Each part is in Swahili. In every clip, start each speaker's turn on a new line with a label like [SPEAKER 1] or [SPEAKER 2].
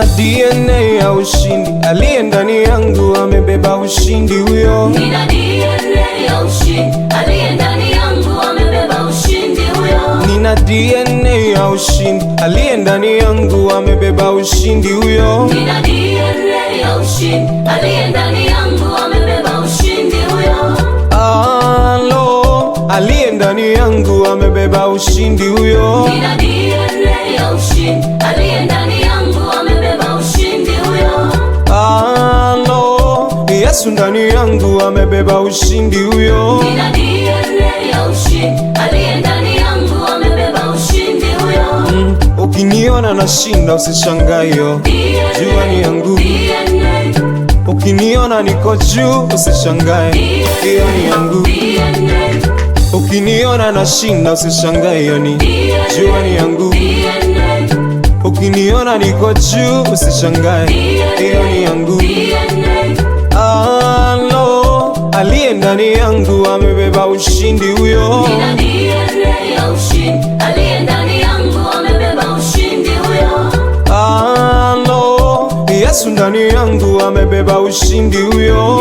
[SPEAKER 1] na DNA ya ushindi, aliye ndani yangu amebeba ushindi huyo. Nina DNA ya
[SPEAKER 2] ushindi, aliye ndani yangu amebeba ushindi huyo.
[SPEAKER 1] Nina DNA ya ushindi, aliye ndani yangu amebeba ushindi huyo. Nina
[SPEAKER 2] DNA ya ushindi, aliye ndani yangu amebeba ushindi huyo.
[SPEAKER 1] Alo, aliye ndani yangu amebeba ushindi huyo. Nina DNA ya
[SPEAKER 2] ushindi, aliye ndani
[SPEAKER 1] Yesu ndani yangu amebeba ushindi huyo. Nina DNA ya mm, ukiniona nashinda usishangayo, jua ni yangu. Ukiniona niko juu usishangae, hiyo ni yangu. Ukiniona nashinda usishangae, hiyo ni jua ni yangu. Ukiniona niko juu usishangae, hiyo ni yangu. ya ushindi huyo Yesu ndani yangu amebeba ushindi huyo.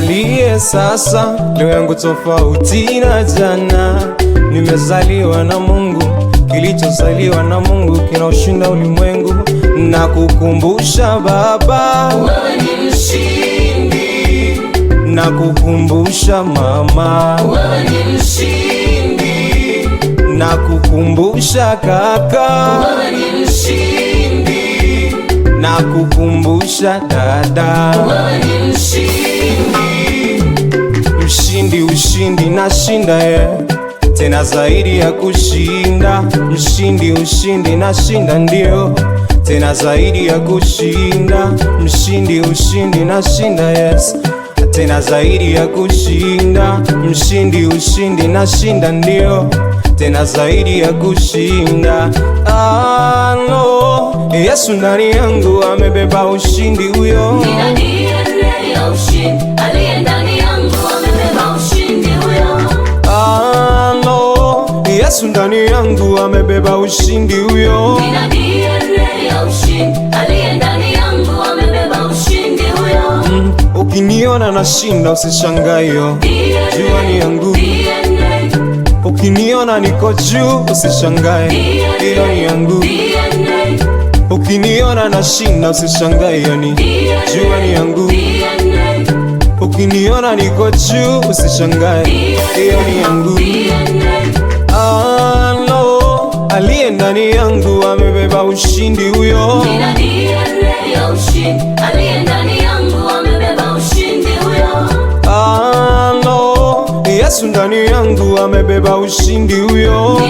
[SPEAKER 1] niangalie sasa, leo yangu tofauti na jana. Nimezaliwa na Mungu, kilichozaliwa na Mungu kinaushinda ulimwengu, na kukumbusha Baba wewe ni mshindi, na kukumbusha Mama wewe ni mshindi, na kukumbusha Kaka na kukumbusha dada, wewe ni mshindi, mshindi, ushindi nashinda ye eh. tena zaidi ya kushinda, mshindi, ushindi nashinda ndio tena zaidi ya kushinda, mshindi, ushindi nashinda yes tena zaidi ya kushinda, mshindi, ushindi nashinda ndio tena zaidi ya kushinda. Ah, no. Yesu ndani yangu amebeba ushindi huyo ah,
[SPEAKER 2] Yesu ndani yangu
[SPEAKER 1] amebeba ushindi huyo. Nina
[SPEAKER 2] DNA ndani yangu amebeba ushindi
[SPEAKER 1] huyo. Mm, ukiniona nashinda usishangae, jua ni yangu Ukiniona niko juu usishangae, hiyo ni yangu. Ukiniona na shinda usishangae, hiyo ni jua ni yangu. Ukiniona niko juu usishangae, hiyo ni yangu. Aliye ndani yangu amebeba ushindi, huyo Yesu ndani amebeba ushindi huyo.